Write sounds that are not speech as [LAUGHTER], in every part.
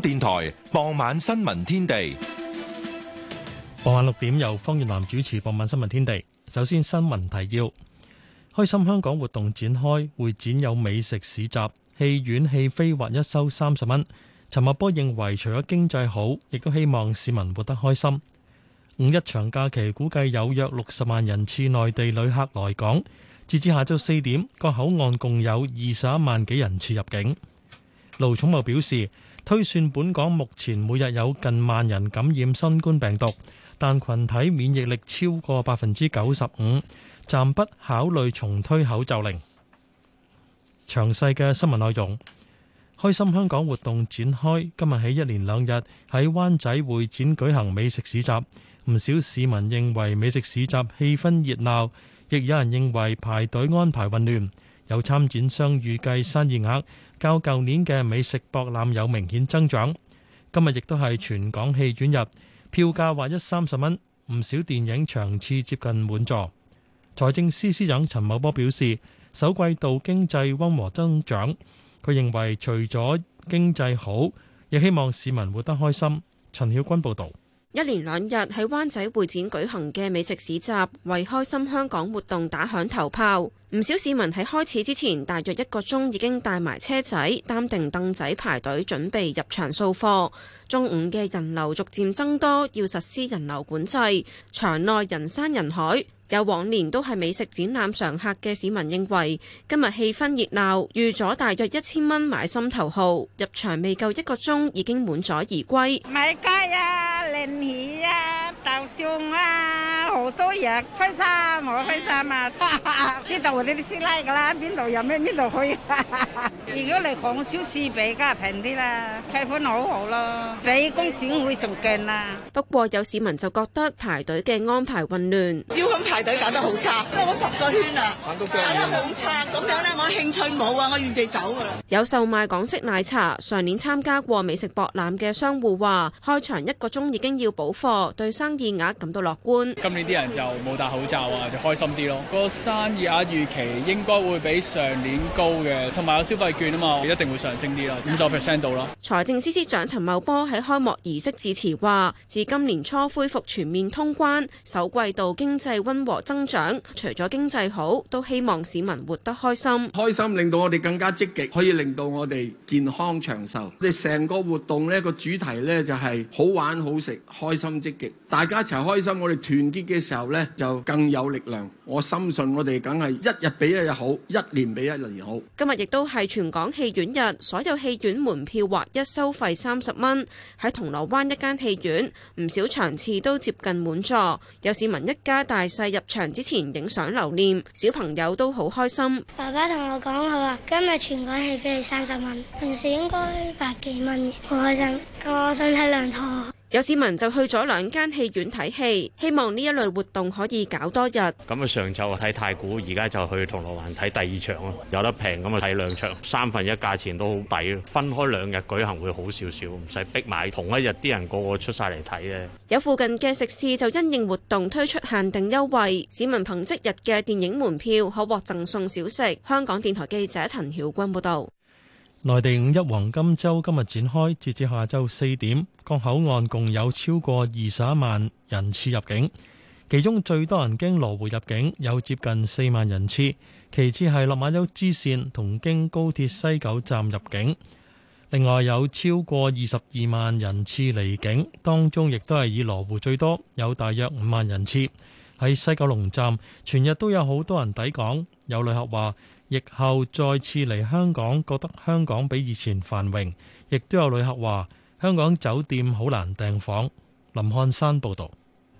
電台傍晚新聞天地，傍晚六點由方月南主持。傍晚新聞天地，首先新聞提要，開心香港活動展開，會展有美食市集，戲院戲飛或一收三十蚊。陳茂波認為，除咗經濟好，亦都希望市民活得開心。五一長假期估計有約六十萬人次內地旅客來港，截至下晝四點，各口岸共有二十一萬幾人次入境。盧寵茂表示，推算本港目前每日有近萬人感染新冠病毒，但群體免疫力超過百分之九十五，暫不考慮重推口罩令。詳細嘅新聞內容，開心香港活動展開，今日起一連兩日喺灣仔會展舉行美食市集。唔少市民認為美食市集氣氛熱鬧，亦有人認為排隊安排混亂。有參展商預計生意額，較舊年嘅美食博覽有明顯增長，今日亦都係全港戲院日，票價劃一三十蚊，唔少電影場次接近滿座。財政司司長陳茂波表示，首季度經濟溫和增長，佢認為除咗經濟好，亦希望市民活得開心。陳曉君報導。一連兩日喺灣仔會展舉行嘅美食市集，為開心香港活動打響頭炮。唔少市民喺開始之前，大約一個鐘已經帶埋車仔、擔定凳仔排隊準備入場掃貨。中午嘅人流逐漸增多，要實施人流管制，場內人山人海。有往年都係美食展覽常客嘅市民認為，今日氣氛熱鬧，預咗大約一千蚊買心頭號，入場未夠一個鐘已經滿載而歸。買雞啊，靚魚啊，豆漿啊！好多嘢開心、啊，我開心啊！知道我啲師奶噶啦，邊度有咩邊度去、啊。如果嚟講超市比較平啲啦，氣氛好好咯，比工展會仲勁啦。不過有市民就覺得排隊嘅安排混亂，要咁排隊搞得好差，都攞 [LAUGHS] 十個圈啦、啊，搞得好差。咁樣咧，我興趣冇啊，我願意走噶啦。有售賣港式奶茶、上年參加過美食博覽嘅商戶話：開場一個鐘已經要補貨，對生意額感到樂觀。今年，啲人就冇戴口罩啊，就開心啲咯。個生意額預期應該會比上年高嘅，同埋有消費券啊嘛，一定會上升啲啦，五十 percent 到啦。財政司司長陳茂波喺開幕儀式致辭話，自今年初恢復全面通關，首季度經濟溫和增長，除咗經濟好，都希望市民活得開心。開心令到我哋更加積極，可以令到我哋健康長壽，我哋成個活動咧個主題咧就係好玩好食，開心積極，大家一齊開心，我哋團結嘅。嘅時候呢，就更有力量。我深信我哋梗係一日比一日好，一年比一年好。今日亦都係全港戲院日，所有戲院門票劃一收費三十蚊。喺銅鑼灣一間戲院，唔少場次都接近滿座。有市民一家大細入場之前影相留念，小朋友都好開心。爸爸同我講，好呀，今日全港戲票係三十蚊，平時應該百幾蚊嘅。好開心，我想睇兩套。有市民就去咗兩間戲院睇戲，希望呢一類活動可以搞多日。咁啊，上晝睇太古，而家就去銅鑼灣睇第二場咯，有得平咁啊，睇兩場三分一價錢都好抵。分開兩日舉行會好少少，唔使逼埋同一日啲人個個出晒嚟睇嘅。有附近嘅食肆就因應活動推出限定優惠，市民憑即日嘅電影門票可獲贈送小食。香港電台記者陳曉君報道。內地五一黃金周今日展開，截至下晝四點，各口岸共有超過二十一萬人次入境，其中最多人經羅湖入境，有接近四萬人次；其次係落馬洲支線同經高鐵西九站入境。另外有超過二十二萬人次離境，當中亦都係以羅湖最多，有大約五萬人次。喺西九龍站，全日都有好多人抵港，有旅客話。疫後再次嚟香港，覺得香港比以前繁榮，亦都有旅客話香港酒店好難訂房。林漢山報道，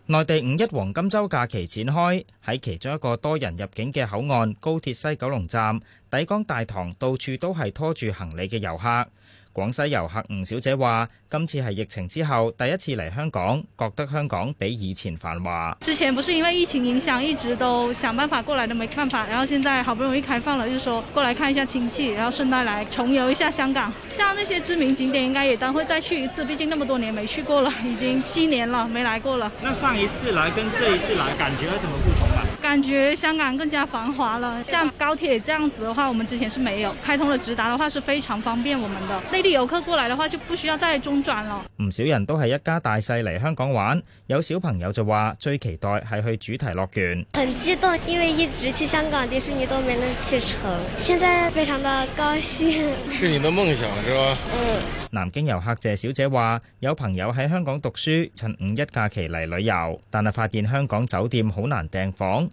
內地五一黃金周假期展開，喺其中一個多人入境嘅口岸高鐵西九龍站抵港大堂，到處都係拖住行李嘅遊客。廣西遊客吳小姐話，今次係疫情之後第一次嚟香港，覺得香港比以前繁華。之前不是因為疫情影響，一直都想辦法過來都沒辦法，然後現在好不容易開放了，就是說過來看一下親戚，然後順帶來重遊一下香港。像那些知名景點，應該也都會再去一次，畢竟那麼多年沒去過了，已經七年了沒來過了。那上一次來跟這一次來感覺有什麼不同？感覺香港更加繁華了。像高鐵這樣子的話，我們之前是沒有開通的，直達的話是非常方便，我們的內地遊客過來的話就不需要再中轉了。唔少人都係一家大細嚟香港玩，有小朋友就話最期待係去主題樂園，很激動，因為一直去香港迪士尼都沒能去成，現在非常的高興。是你的夢想是吧？嗯。南京遊客謝小姐話有朋友喺香港讀書，趁五一假期嚟旅遊，但係發現香港酒店好難訂房。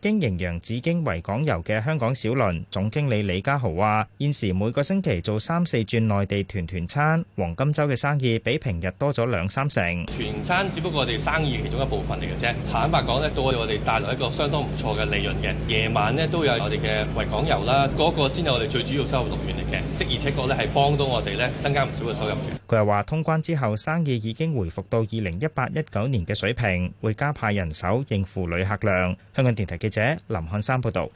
經營洋紫荊維港遊嘅香港小輪總經理李家豪話：現時每個星期做三四轉內地團團餐，黃金周嘅生意比平日多咗兩三成。團餐只不過我哋生意其中一部分嚟嘅啫，坦白講咧，都為我哋帶來一個相當唔錯嘅利潤嘅。夜晚呢，都有我哋嘅維港遊啦，嗰、那個先係我哋最主要收入來源嚟嘅，即而且確咧係幫到我哋咧增加唔少嘅收入嘅。佢又話：通關之後，生意已經回復到二零一八一九年嘅水平，會加派人手應付旅客量。香港電台記者林漢山報導。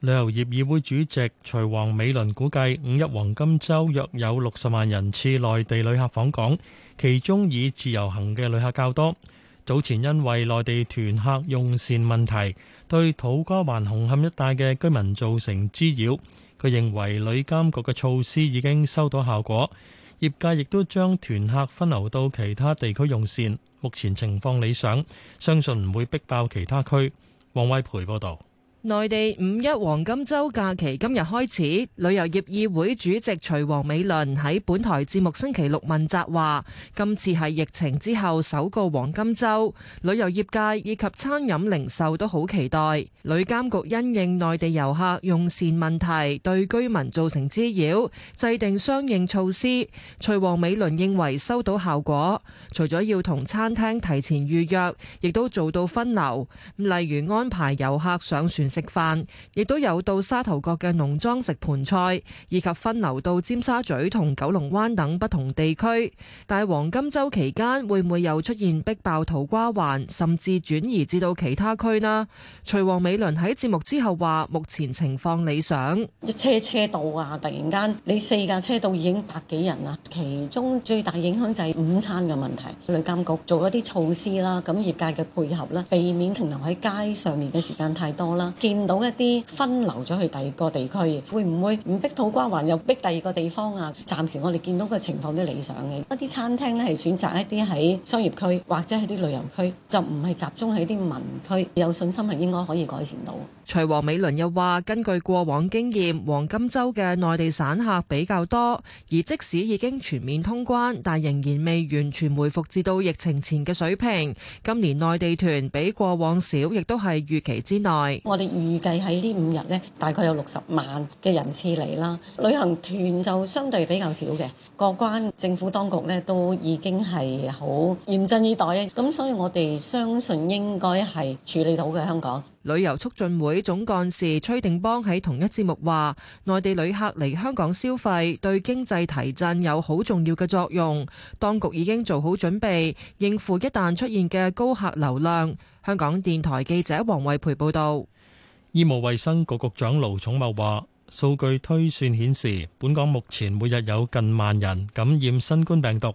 旅遊業議會主席徐王美倫估計，五一黃金週約有六十萬人次內地旅客訪港，其中以自由行嘅旅客較多。早前因為內地團客用膳問題，對土瓜灣紅磡一帶嘅居民造成滋擾。佢認為旅監局嘅措施已經收到效果。業界亦都將團客分流到其他地區用膳，目前情況理想，相信唔會逼爆其他區。王偉培報道。內地五一黃金周假期今日開始，旅遊業議會主席徐王美倫喺本台節目星期六問責話：今次係疫情之後首個黃金周，旅遊業界以及餐飲零售都好期待。旅監局因應內地遊客用膳問題對居民造成滋擾，制定相應措施。徐王美倫認為收到效果，除咗要同餐廳提前預約，亦都做到分流，例如安排遊客上船。食飯，亦都有到沙頭角嘅農莊食盆菜，以及分流到尖沙咀同九龍灣等不同地區。但黃金周期間會唔會又出現逼爆土瓜灣，甚至轉移至到其他區呢？徐王美倫喺節目之後話，目前情況理想。一車車到啊，突然間你四架車到已經百幾人啦，其中最大影響就係午餐嘅問題。旅監局做一啲措施啦，咁業界嘅配合啦，避免停留喺街上面嘅時間太多啦。見到一啲分流咗去第二個地區，會唔會唔逼土瓜灣又逼第二個地方啊？暫時我哋見到嘅情況都理想嘅。一啲餐廳呢，係選擇一啲喺商業區或者係啲旅遊區，就唔係集中喺啲民區。有信心係應該可以改善到。徐黃美倫又話：根據過往經驗，黃金週嘅內地散客比較多，而即使已經全面通關，但仍然未完全回復至到疫情前嘅水平。今年內地團比過往少，亦都係預期之內。預計喺呢五日呢，大概有六十萬嘅人次嚟啦。旅行團就相對比較少嘅過關，政府當局呢，都已經係好嚴陣以待。咁所以我哋相信應該，係處理到嘅。香港旅遊促進會總幹事崔定邦喺同一節目話，內地旅客嚟香港消費對經濟提振有好重要嘅作用。當局已經做好準備應付一旦出現嘅高客流量。香港電台記者黃慧培報道。醫務衛生局局長盧寵茂話，數據推算顯示，本港目前每日有近萬人感染新冠病毒，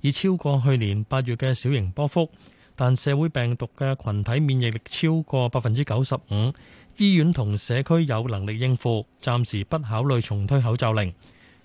已超過去年八月嘅小型波幅。但社會病毒嘅群體免疫力超過百分之九十五，醫院同社區有能力應付，暫時不考慮重推口罩令。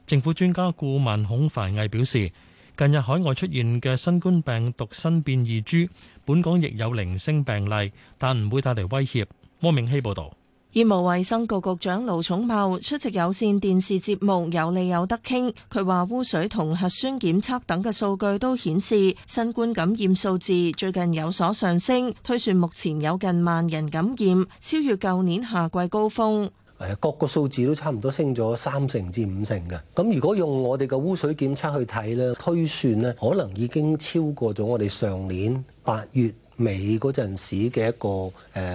政府專家顧問孔凡毅表示，近日海外出現嘅新冠病毒新變異株，本港亦有零星病例，但唔會帶嚟威脅。郭明希報道，醫務衛生局局長盧寵茂出席有線電視節目《有理有得傾》，佢話污水同核酸檢測等嘅數據都顯示，新冠感染數字最近有所上升，推算目前有近萬人感染，超越舊年夏季高峰。誒，各個數字都差唔多升咗三成至五成㗎。咁如果用我哋嘅污水檢測去睇呢，推算呢，可能已經超過咗我哋上年八月美嗰陣時嘅一個誒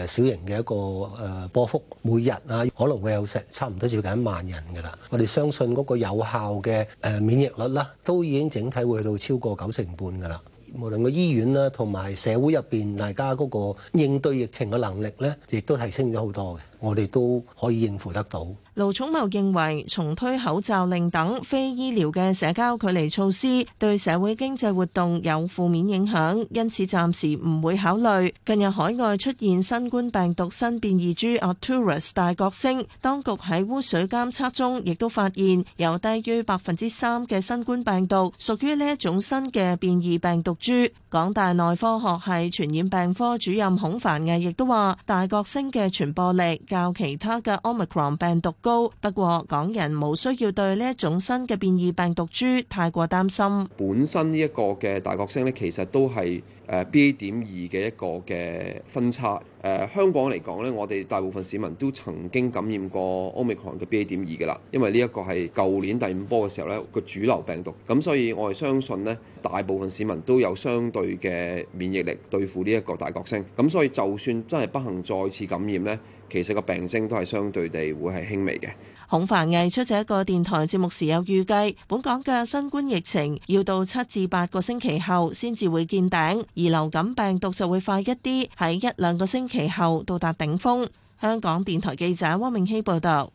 小型嘅一個誒波幅，每日啊可能會有成差唔多接近一萬人㗎啦。我哋相信嗰個有效嘅免疫率啦，都已經整體會去到超過九成半㗎啦。無論個醫院啦，同埋社會入邊大家嗰個應對疫情嘅能力咧，亦都提升咗好多嘅，我哋都可以應付得到。盧寵茂認為，重推口罩令等非醫療嘅社交距離措施，對社會經濟活動有負面影響，因此暫時唔會考慮。近日海外出現新冠病毒新變異株 Arcturus 大角星，當局喺污水監測中亦都發現有低於百分之三嘅新冠病毒屬於呢一種新嘅變異病毒株。港大內科學系傳染病科主任孔凡毅亦都話，大角星嘅傳播力較其他嘅 Omicron 病毒高。不過，港人冇需要對呢一種新嘅變異病毒株太過擔心。本身呢一個嘅大角星呢，其實都係誒 BA. 點二嘅一個嘅分叉。誒、呃、香港嚟講呢，我哋大部分市民都曾經感染過奧密克戎嘅 BA. 點二嘅啦，因為呢一個係舊年第五波嘅時候呢個主流病毒，咁所以我係相信呢，大部分市民都有相對嘅免疫力對付呢一個大角星。咁所以就算真係不幸再次感染呢。其實個病徵都係相對地會係輕微嘅。孔繁毅出席一個電台節目時有預計，本港嘅新冠疫情要到七至八個星期後先至會見頂，而流感病毒就會快一啲，喺一兩個星期後到達頂峰。香港電台記者汪明熙報道。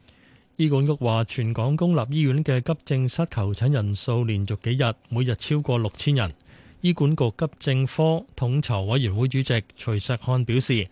醫管局話，全港公立醫院嘅急症室求診人數連續幾日每日超過六千人。醫管局急症科統籌委員會主席徐石漢表示。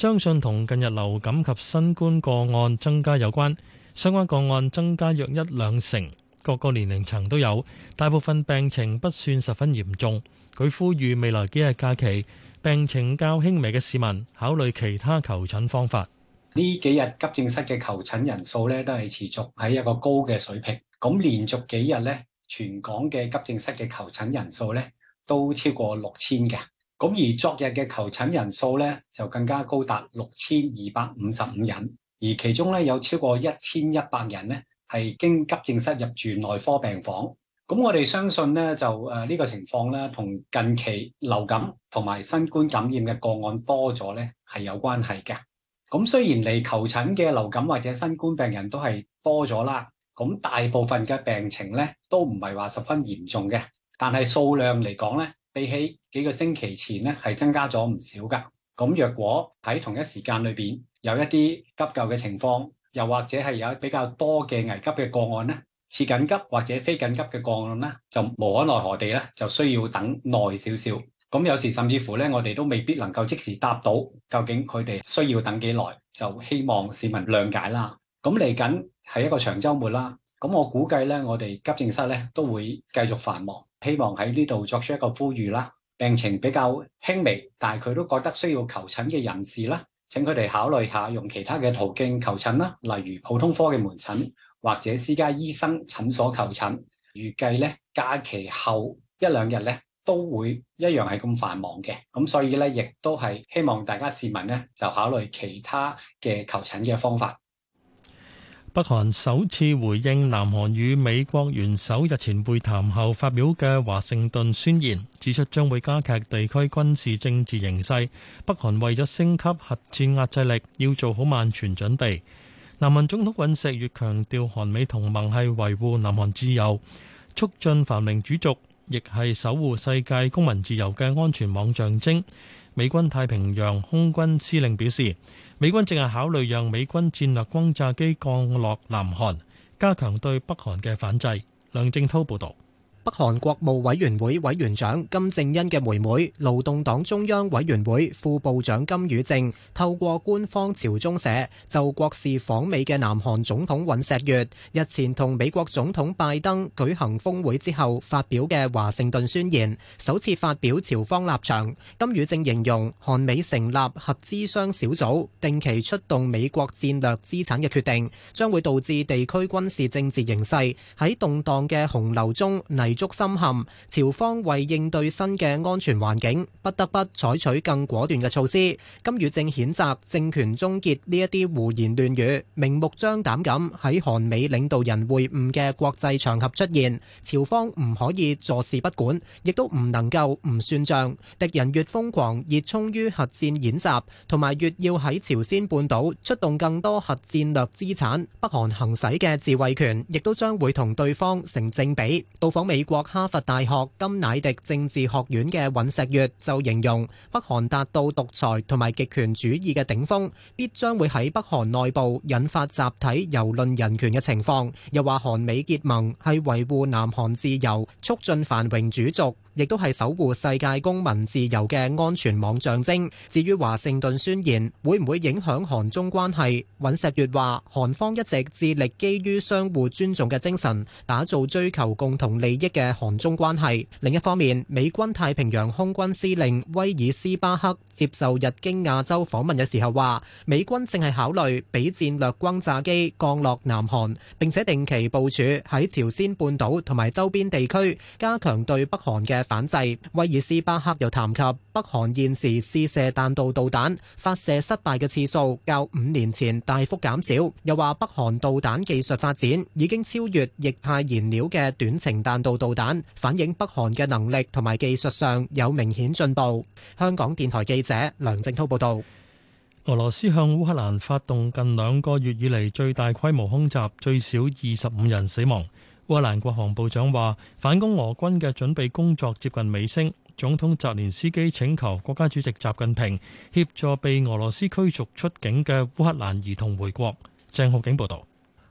相信同近日流感及新冠個案增加有關，相關個案增加約一兩成，各個年齡層都有。大部分病情不算十分嚴重。佢呼籲未來幾日假期，病情較輕微嘅市民考慮其他求診方法。呢幾日急症室嘅求診人數咧都係持續喺一個高嘅水平。咁連續幾日咧，全港嘅急症室嘅求診人數咧都超過六千嘅。咁而昨日嘅求診人數咧，就更加高達六千二百五十五人，而其中咧有超過一千一百人咧係經急症室入住內科病房。咁我哋相信咧就誒呢、呃呢個情況咧，同近期流感同埋新冠感染嘅個案多咗咧係有關係嘅。咁雖然嚟求診嘅流感或者新冠病人都係多咗啦，咁大部分嘅病情咧都唔係話十分嚴重嘅，但係數量嚟講咧。比起幾個星期前咧，係增加咗唔少㗎。咁若果喺同一時間裏面有一啲急救嘅情況，又或者係有比較多嘅危急嘅個案咧，次緊急或者非緊急嘅個案咧，就無可奈何地咧，就需要等耐少少。咁有時甚至乎咧，我哋都未必能夠即時答到。究竟佢哋需要等幾耐？就希望市民諒解啦。咁嚟緊係一個長週末啦。咁我估計咧，我哋急症室咧都會繼續繁忙。希望喺呢度作出一個呼籲啦，病情比較輕微，但係佢都覺得需要求診嘅人士啦，請佢哋考慮下用其他嘅途徑求診啦，例如普通科嘅門診或者私家醫生診所求診。預計咧假期後一兩日咧都會一樣係咁繁忙嘅，咁所以咧亦都係希望大家市民咧就考慮其他嘅求診嘅方法。北韓首次回應南韓與美國元首日前會談後發表嘅華盛頓宣言，指出將會加劇地區軍事政治形勢。北韓為咗升級核戰壓制力，要做好萬全準備。南韓總統尹錫悦強調，韓美同盟係維護南韓自由、促進繁榮主軸，亦係守護世界公民自由嘅安全網象徵。美軍太平洋空軍司令表示。美軍正係考慮讓美軍戰略轟炸機降落南韓，加強對北韓嘅反制。梁正濤報導。北韓國務委員會委員長金正恩嘅妹妹、勞動黨中央委員會副部長金與正透過官方朝中社就國事訪美嘅南韓總統尹錫悅日前同美國總統拜登舉行峰會之後發表嘅華盛頓宣言，首次發表朝方立場。金與正形容韓美成立核諮商小組、定期出動美國戰略資產嘅決定，將會導致地區軍事政治形勢喺動盪嘅洪流中泥足深陷，朝方為應對新嘅安全環境，不得不採取更果斷嘅措施。金與正譴責政權終結呢一啲胡言亂語，明目張膽咁喺韓美領導人會晤嘅國際場合出現，朝方唔可以坐視不管，亦都唔能夠唔算賬，敵人越瘋狂熱衷於核戰演習，同埋越要喺朝鮮半島出動更多核戰略資產，北韓行使嘅自衛權，亦都將會同對方成正比。到訪美。美國哈佛大學甘迺迪政治學院嘅尹錫悅就形容，北韓達到獨裁同埋極權主義嘅頂峰，必將會喺北韓內部引發集體遊論人權嘅情況。又話韓美結盟係維護南韓自由，促進繁榮主軸。亦都係守護世界公民自由嘅安全網象徵。至於華盛頓宣言會唔會影響韓中關係，尹錫悅話韓方一直致力基於相互尊重嘅精神，打造追求共同利益嘅韓中關係。另一方面，美軍太平洋空軍司令威爾斯巴克接受日經亞洲訪問嘅時候話，美軍正係考慮俾戰略轟炸機降落南韓，並且定期部署喺朝鮮半島同埋周邊地區加強對北韓嘅反制，威爾斯巴克又談及北韓現時試射彈道導彈發射失敗嘅次數較五年前大幅減少。又話北韓導彈技術發展已經超越液態燃料嘅短程彈道導彈，反映北韓嘅能力同埋技術上有明顯進步。香港電台記者梁正濤報道。俄羅斯向烏克蘭發動近兩個月以嚟最大規模空襲，最少二十五人死亡。烏克蘭國防部長話，反攻俄軍嘅準備工作接近尾聲。總統澤連斯基請求國家主席習近平協助被俄羅斯驅逐出境嘅烏克蘭兒童回國。鄭浩景報道。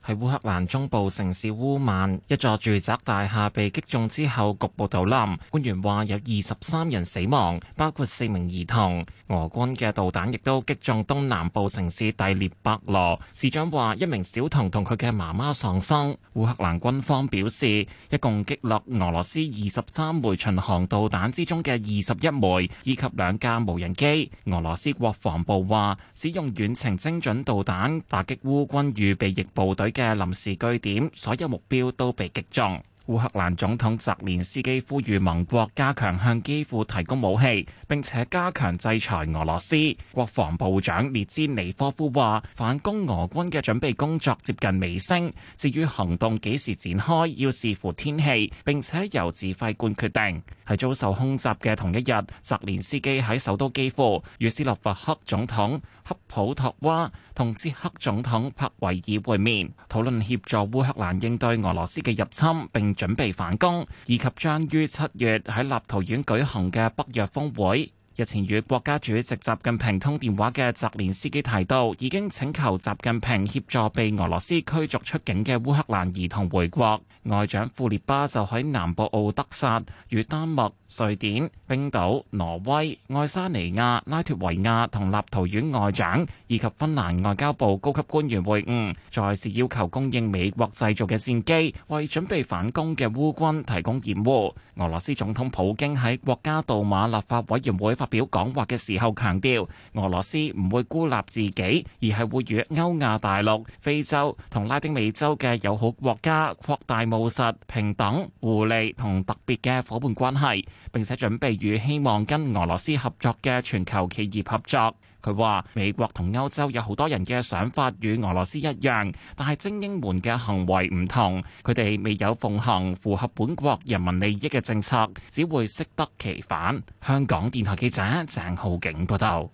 喺烏克蘭中部城市烏曼，一座住宅大廈被擊中之後局部倒冧。官員話有二十三人死亡，包括四名兒童。俄軍嘅導彈亦都擊中東南部城市第聶伯羅，市長話一名小童同佢嘅媽媽喪生。烏克蘭軍方表示，一共擊落俄羅斯二十三枚巡航導彈之中嘅二十一枚，以及兩架無人機。俄羅斯國防部話，使用遠程精準導彈打擊烏軍預備役部隊嘅臨時據點，所有目標都被擊中。烏克蘭總統澤連斯基呼籲盟國加強向基輔提供武器，並且加強制裁俄羅斯。國防部長列茲尼科夫話：反攻俄軍嘅準備工作接近尾聲，至於行動幾時展開，要視乎天氣，並且由指揮官決定。喺遭受空襲嘅同一日，澤連斯基喺首都基輔與斯洛伐克總統克普托娃同捷克總統帕維爾會面，討論協助烏克蘭應對俄羅斯嘅入侵，並準備反攻，以及將於七月喺立陶宛舉行嘅北約峰會。日前與國家主席習近平通電話嘅澤連斯基提到，已經請求習近平協助被俄羅斯驅逐出境嘅烏克蘭兒童回國。外長庫列巴就喺南部奧德薩與丹麥、瑞典、冰島、挪威、愛沙尼亞、拉脫維亞同立陶宛外長以及芬蘭外交部高級官員會晤，再次要求供應美國製造嘅戰機，為準備反攻嘅烏軍提供掩護。俄羅斯總統普京喺國家杜馬立法委員會發表講話嘅時候強調，俄羅斯唔會孤立自己，而係會與歐亞大陸、非洲同拉丁美洲嘅友好國家擴大務實、平等、互利同特別嘅夥伴關係，並且準備與希望跟俄羅斯合作嘅全球企業合作。佢話美國同歐洲有好多人嘅想法與俄羅斯一樣，但係精英們嘅行為唔同，佢哋未有奉行符合本國人民利益嘅政策，只會適得其反。香港電台記者鄭浩景報道。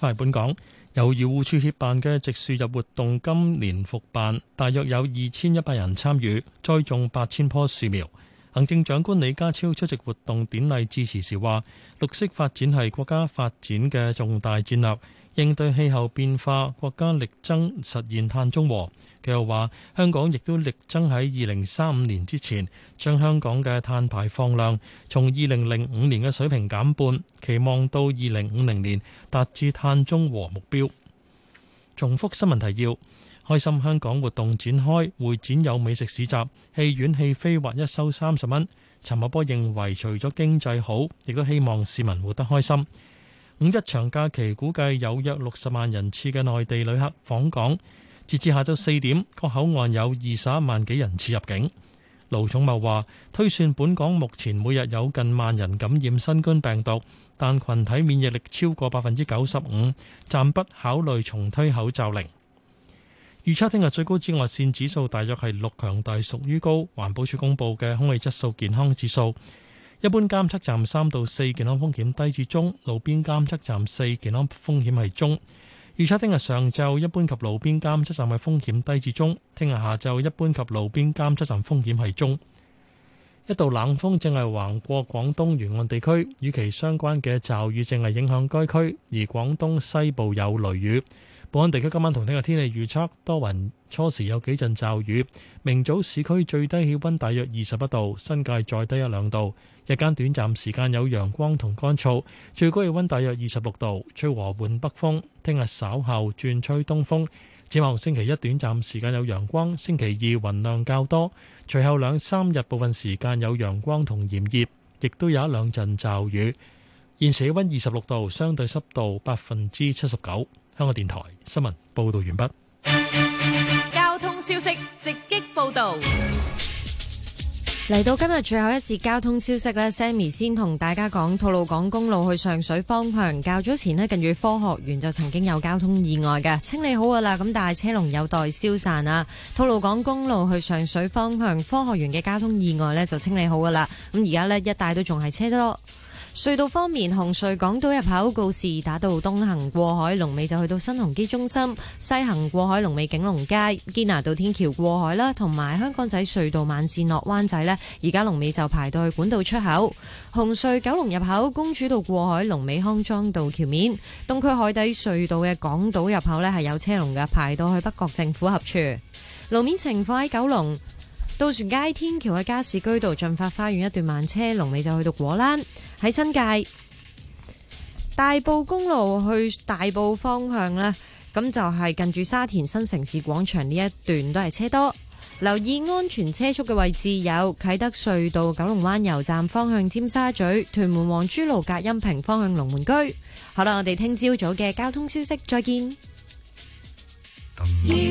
歡本港，由漁護處協辦嘅植樹日活動今年復辦，大約有二千一百人參與栽種八千棵樹苗。行政長官李家超出席活動典禮致辭時話，綠色發展係國家發展嘅重大戰略。應對氣候變化，國家力爭實現碳中和。佢又話：香港亦都力爭喺二零三五年之前，將香港嘅碳排放量從二零零五年嘅水平減半，期望到二零五零年達至碳中和目標。重複新聞提要：開心香港活動展開，會展有美食市集，戲院戲飛劃一收三十蚊。陳茂波認為，除咗經濟好，亦都希望市民活得開心。五一長假期估計有約六十萬人次嘅內地旅客訪港，截至下晝四點，各口岸有二十一萬幾人次入境。盧寵茂話，推算本港目前每日有近萬人感染新冠病毒，但群體免疫力超過百分之九十五，暫不考慮重推口罩令。預測聽日最高紫外線指數大約係六強，大屬於高。環保署公布嘅空氣質素健康指數。一般監測站三到四健康風險低至中，路邊監測站四健康風險係中。預測聽日上晝一般及路邊監測站嘅風險低至中，聽日下晝一般及路邊監測站風險係中。一度冷風正係橫過廣東沿岸地區，與其相關嘅驟雨正係影響該區，而廣東西部有雷雨。本港地區今晚同聽日天氣預測，多雲初時有幾陣驟雨。明早市區最低氣溫大約二十一度，新界再低一兩度。日間短暫時間有陽光同乾燥，最高氣溫大約二十六度，吹和緩北風，聽日稍後轉吹東風，展望星期一短暫時間有陽光，星期二雲量較多，隨後兩三日部分時間有陽光同炎熱，亦都有一兩陣驟雨。現時氣温二十六度，相對濕度百分之七十九。香港電台新聞報道完畢。交通消息直擊報道，嚟到今日最後一節交通消息呢，Sammy 先同大家講：吐露港公路去上水方向，較早前呢，近住科學園就曾經有交通意外噶，清理好噶啦，咁但係車龍有待消散啊。吐露港公路去上水方向，科學園嘅交通意外呢，就清理好噶啦，咁而家呢，一帶都仲係車多。隧道方面，紅隧港島入口告士打道東行過海龍尾就去到新鴻基中心；西行過海龍尾景隆街堅拿道天橋過海啦，同埋香港仔隧道慢綫落灣仔呢，而家龍尾就排到去管道出口。紅隧九龍入口公主道過海龍尾康莊道橋面，東區海底隧道嘅港島入口呢，係有車龍嘅，排到去北角政府合處。路面情況喺九龍。渡船街天橋喺加士居道進發花園一段慢車，龍尾就去到果欄。喺新界大埔公路去大埔方向呢，咁就係近住沙田新城市廣場呢一段都係車多。留意安全車速嘅位置有啟德隧道九龍灣油站方向、尖沙咀、屯門往珠路隔音屏方向、龍門居。好啦，我哋聽朝早嘅交通消息再見。以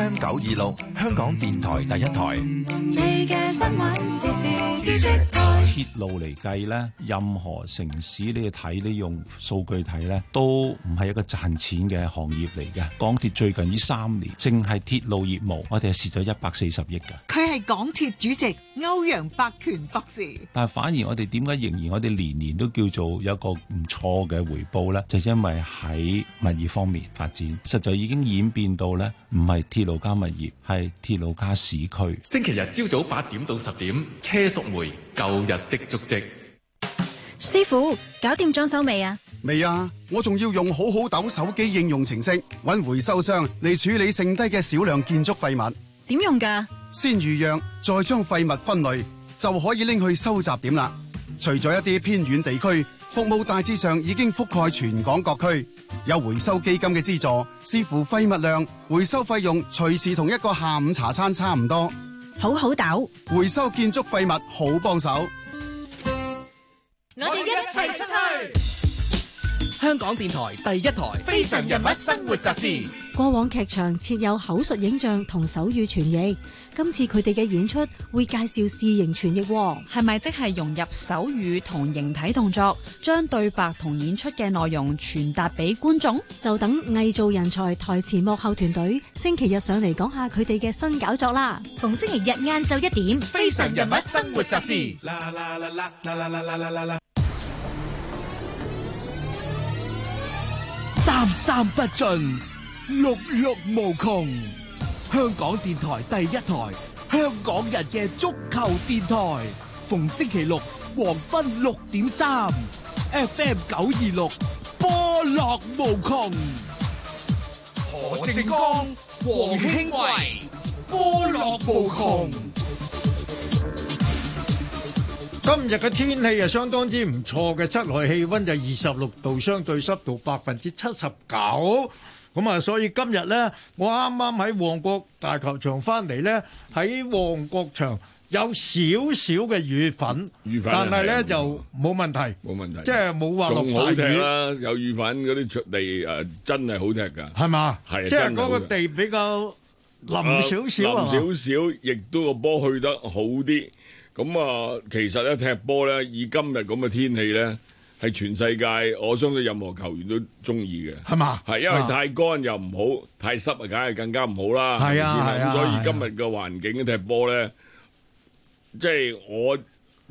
M 九二六香港電台第一台。鐵、嗯、路嚟計咧，任何城市你睇咧，用數據睇咧，都唔係一個賺錢嘅行業嚟嘅。港鐵最近呢三年，淨係鐵路業務，我哋係蝕咗一百四十億嘅。佢係港鐵主席歐陽伯權博士。但係反而我哋點解仍然我哋年年都叫做有一個唔錯嘅回報咧？就是，因為喺物業方面發展，實在已經演變到咧唔係鐵路。路家，物業係鐵路加市區。星期日朝早八點到十點，車淑梅舊日的足跡。師傅，搞掂裝修未啊？未啊,我仲要用好好斗手機應用程式搵回收箱嚟處理剩低嘅少量建築廢物。點用噶？先預約，再將廢物分類，就可以拎去收集點啦。除咗一啲偏遠地區。服務大致上已經覆蓋全港各區，有回收基金嘅資助，視乎廢物量回收費用隨時同一個下午茶餐差唔多。好好斗，回收建築廢物好幫手。我哋一齊出去。香港電台第一台《非常人物生活雜誌》過往劇場設有口述影像同手語傳譯，今次佢哋嘅演出會介紹視形傳譯，係咪即係融入手語同形體動作，將對白同演出嘅內容傳達俾觀眾？就等藝造人才台前幕後團隊星期日上嚟講下佢哋嘅新搞作啦！逢星期日晏晝一點，《非常人物生活雜誌》啦。啦啦啦啦啦啦三三不盡，六六無窮。香港電台第一台，香港人嘅足球電台，逢星期六黃昏六點三，FM 九二六波樂無窮。何靖江、黃興偉，波樂無窮。今日嘅天氣啊，相當之唔錯嘅，室內氣溫就二十六度，相對濕度百分之七十九。咁啊，所以今日咧，我啱啱喺旺角大球場翻嚟咧，喺旺角場有少少嘅雨粉，但係咧就冇問題，冇問題，即係冇話落大雨啦。有雨粉嗰啲出地誒，真係好踢噶，係嘛？係即係嗰個地比較腍少少啊，腍少少，亦都個波去得好啲。咁啊，其實咧踢波咧，以今日咁嘅天氣咧，係全世界我相信任何球員都中意嘅，係嘛吧？係因為太乾又唔好，太濕啊，梗係更加唔好啦。係啊，咁所以今日嘅環境、啊、踢波咧，即係我。